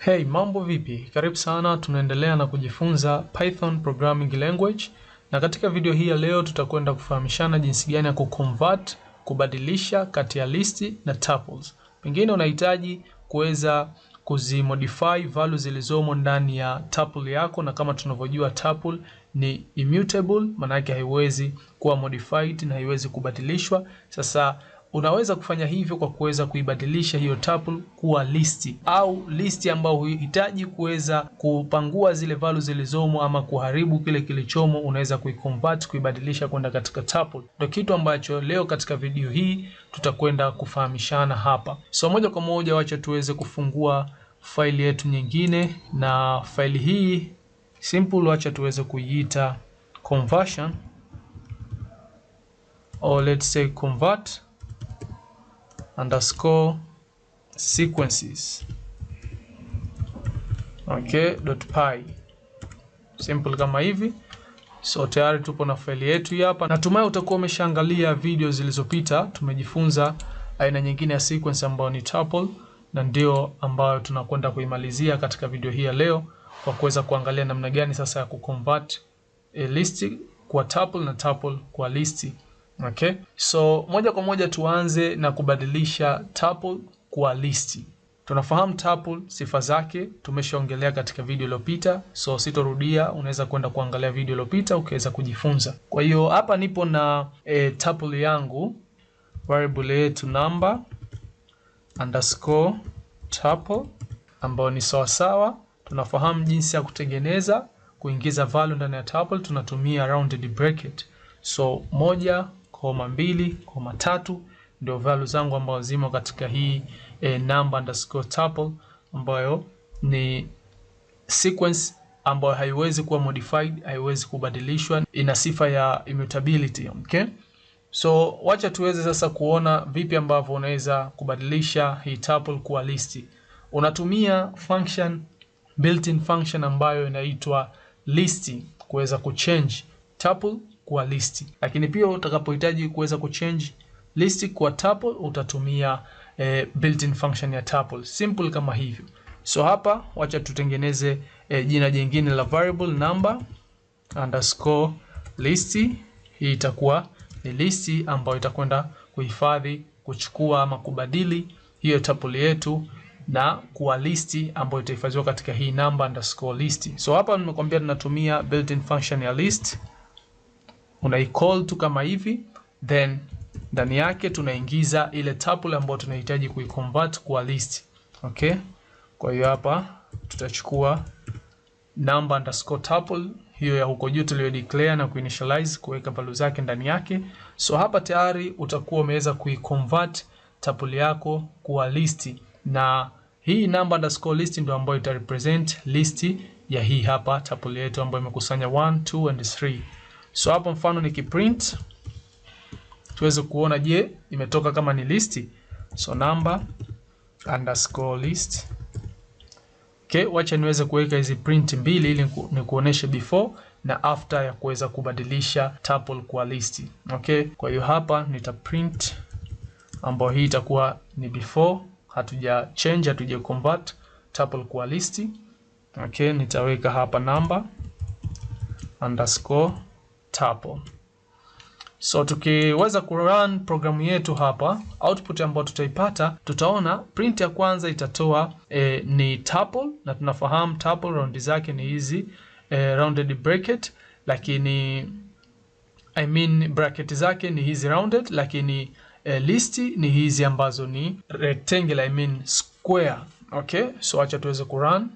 Hey, mambo vipi? Karibu sana, tunaendelea na kujifunza Python programming language, na katika video hii ya leo tutakwenda kufahamishana jinsi gani ya kuconvert, kubadilisha kati ya list na tuples. Pengine unahitaji kuweza kuzimodify value zilizomo ndani ya tuple yako, na kama tunavyojua tuple ni immutable, maana yake haiwezi kuwa modified na haiwezi kubadilishwa. Sasa Unaweza kufanya hivyo kwa kuweza kuibadilisha hiyo tuple kuwa listi au listi ambayo huhitaji kuweza kupangua zile value zilizomo ama kuharibu kile kilichomo, unaweza kuiconvert kuibadilisha kwenda katika tuple. Ndio kitu ambacho leo katika video hii tutakwenda kufahamishana hapa. So moja kwa moja, wacha tuweze kufungua faili yetu nyingine, na faili hii simple, wacha tuweze kuiita conversion or let's say convert underscore sequences okay, dot py simple kama hivi. So tayari tupo na faili yetu hii hapa. Natumai utakuwa umeshaangalia video zilizopita, tumejifunza aina nyingine ya sequence ambayo ni tuple, na ndio ambayo tunakwenda kuimalizia katika video hii ya leo kwa kuweza kuangalia namna gani sasa ya kuconvert a list kwa tuple na tuple kwa listi. Okay, so moja kwa moja tuanze na kubadilisha tuple kwa list. Tunafahamu tuple sifa zake tumeshaongelea katika video iliyopita, so sitorudia. Unaweza kwenda kuangalia video iliyopita ukiweza kujifunza. Kwa hiyo hapa nipo na e, tuple yangu variable yetu number underscore tuple ambayo ni sawasawa. Tunafahamu jinsi ya kutengeneza kuingiza value ndani ya tuple, tunatumia rounded bracket. So moja koma mbili koma tatu ndio value zangu ambazo zimo katika hii e, number underscore tuple ambayo ni sequence ambayo haiwezi kuwa modified, haiwezi kubadilishwa, ina sifa ya immutability. Okay, so wacha tuweze sasa kuona vipi ambavyo unaweza kubadilisha hii tuple kuwa list Unatumia function built-in function ambayo inaitwa list kuweza kuchange tuple kuwa list. Lakini pia utakapohitaji kuweza kuchange list kuwa tuple utatumia e, built-in function ya tuple. Simple kama hivyo. So hapa wacha tutengeneze e, jina jingine la variable number underscore list. Hii itakuwa ni list ambayo itakwenda kuhifadhi, kuchukua ama kubadili hiyo tuple yetu na kuwa list ambayo itahifadhiwa katika hii number underscore list. So hapa nimekwambia tunatumia built-in function ya list unaicall tu kama hivi, then ndani yake tunaingiza ile tuple ambayo tunahitaji kuiconvert kuwa list. Okay, kwa hiyo hapa tutachukua number underscore tuple hiyo ya huko juu tuliyo declare na kuinitialize kuweka value zake ndani yake. So hapa tayari utakuwa umeweza kuiconvert tuple yako kuwa list, na hii number underscore list ndio ambayo itarepresent list ya hii hapa tuple yetu ambayo imekusanya 1, 2 and 3. So hapo mfano ni kiprint tuweze kuona, je, imetoka kama ni listi. So number underscore list. Okay, wacha niweze kuweka hizi print mbili ili nikuoneshe before na after ya kuweza kubadilisha tuple kwa list. Okay, kwa hiyo hapa nita print ambayo hii itakuwa ni before, hatuja change, hatuja convert tuple kwa list. Okay, nitaweka hapa number underscore tuple. So tukiweza kurun programu yetu hapa, output ambayo tutaipata tutaona print ya kwanza itatoa e, ni tuple, na tunafahamu tuple round zake ni hizi e, rounded bracket, lakini I mean bracket zake ni hizi rounded, lakini e, list ni hizi ambazo ni rectangle, I mean square. Okay, so acha tuweze kurun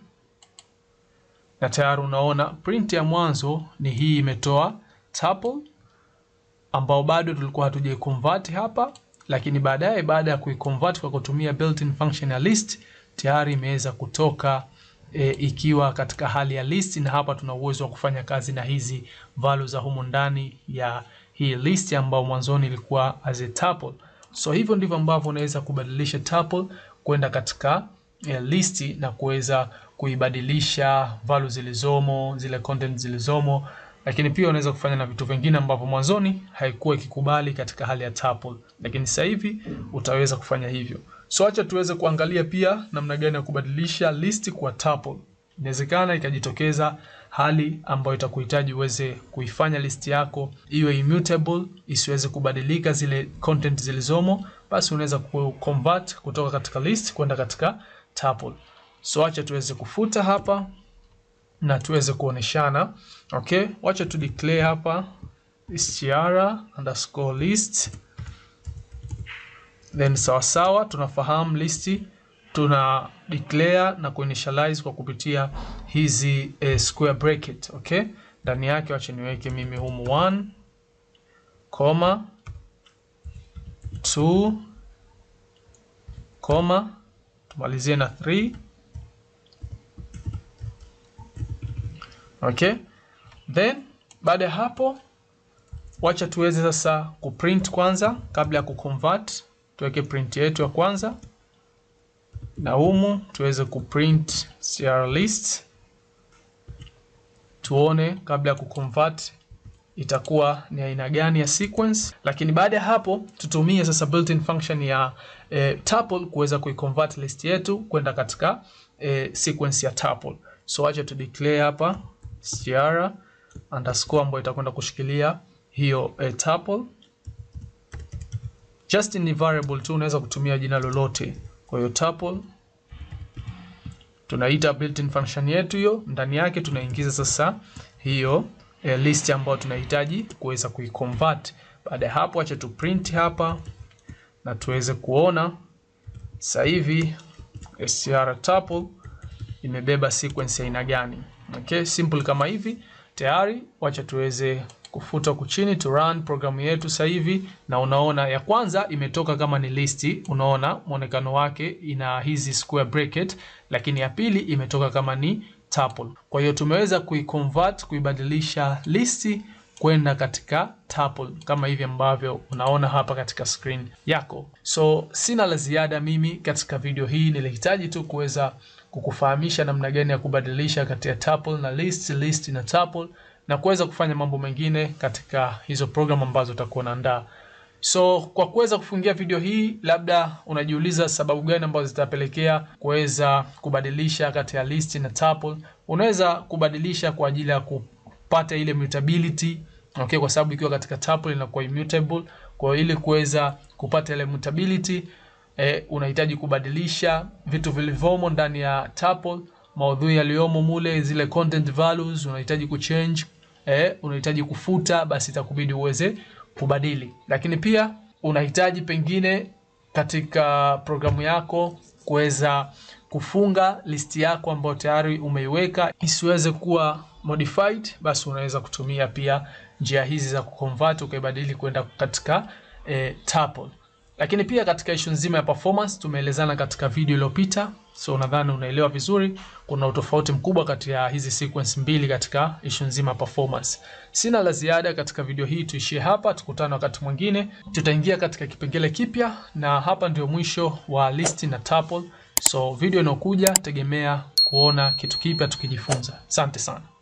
na tayari unaona print ya mwanzo ni hii imetoa tuple ambao bado tulikuwa convert hapa, lakini baadaye baada ya kuiconvert kwa kutumia built-in function ya list tayari imeweza kutoka e, ikiwa katika hali ya list, na hapa tuna uwezo wa kufanya kazi na hizi values za humo ndani ya hii list ambayo mwanzoni ilikuwa as a tuple. So hivyo ndivyo ambavyo unaweza kubadilisha tuple kwenda katika e, list na kuweza kuibadilisha values zilizomo, zile content zilizomo lakini pia unaweza kufanya na vitu vingine ambapo mwanzoni haikuwa ikikubali katika hali ya tuple, lakini sasa hivi utaweza kufanya hivyo. So acha tuweze kuangalia pia namna gani ya kubadilisha list kwa tuple. Inawezekana ikajitokeza hali ambayo itakuhitaji uweze kuifanya list yako iwe immutable, isiweze kubadilika zile content zilizomo, basi unaweza ku convert kutoka katika list kwenda katika tuple. So acha tuweze kufuta hapa na tuweze kuoneshana okay. Wacha tu declare hapa str underscore list then sawasawa, tunafahamu listi, tuna declare na kuinitialize kwa kupitia hizi eh, square bracket okay. Ndani yake wacha niweke mimi humu 1 comma 2 comma tumalizie na 3 Okay? Then baada ya hapo wacha tuweze sasa kuprint kwanza kabla ya kuconvert, tuweke print yetu ya kwanza na humu tuweze kuprint CR list tuone kabla ya kuconvert itakuwa ni aina gani ya sequence, lakini baada ya hapo tutumie sasa built-in function ya e, tuple kuweza kuiconvert list yetu kwenda katika e, sequence ya tuple. So acha tu declare hapa str underscore ambayo itakwenda kushikilia hiyo e, tuple. Just ni variable tu, unaweza kutumia jina lolote. Kwa hiyo tuple tunaita built-in function yetu hiyo, ndani yake tunaingiza sasa hiyo e, list ambayo tunahitaji kuweza kuiconvert. Baada ya hapo, acha tu print hapa na tuweze kuona sasa hivi str eh, tuple imebeba sequence ya aina gani. Okay, simple kama hivi tayari. Wacha tuweze kufuta huku chini tu run programu yetu sasa hivi, na unaona ya kwanza imetoka kama ni listi, unaona mwonekano wake ina hizi square bracket, lakini ya pili imetoka kama ni tuple. Kwa hiyo tumeweza kuiconvert, kuibadilisha listi kwenda katika tuple kama hivi ambavyo unaona hapa katika screen yako. So sina la ziada mimi katika video hii, nilihitaji tu kuweza kukufahamisha namna gani ya kubadilisha kati ya tuple na list, list na tuple na kuweza kufanya mambo mengine katika hizo program ambazo utakuwa unaandaa. So kwa kuweza kufungia video hii, labda unajiuliza sababu gani ambazo zitapelekea kuweza kubadilisha kati ya list na tuple. Unaweza kubadilisha kwa ajili ya kupata ile mutability okay, kwa sababu ikiwa katika tuple inakuwa immutable. Kwa hiyo ili kuweza kupata ile mutability e, unahitaji kubadilisha vitu vilivyomo ndani ya tuple, maudhui yaliyomo mule, zile content values unahitaji kuchange e, unahitaji kufuta, basi itakubidi uweze kubadili. Lakini pia unahitaji pengine katika programu yako kuweza kufunga listi yako ambayo tayari umeiweka isiweze kuwa modified, basi unaweza kutumia pia njia hizi za kuconvert ukaibadili kwenda katika e, tuple. Lakini pia katika issue nzima ya performance tumeelezana katika video iliyopita, so nadhani unaelewa vizuri kuna utofauti mkubwa kati ya hizi sequence mbili katika issue nzima ya performance. Sina la ziada katika video hii, tuishie hapa, tukutane wakati mwingine, tutaingia katika kipengele kipya, na hapa ndio mwisho wa list na tuple. So video inayokuja tegemea kuona kitu kipya tukijifunza. Asante sana.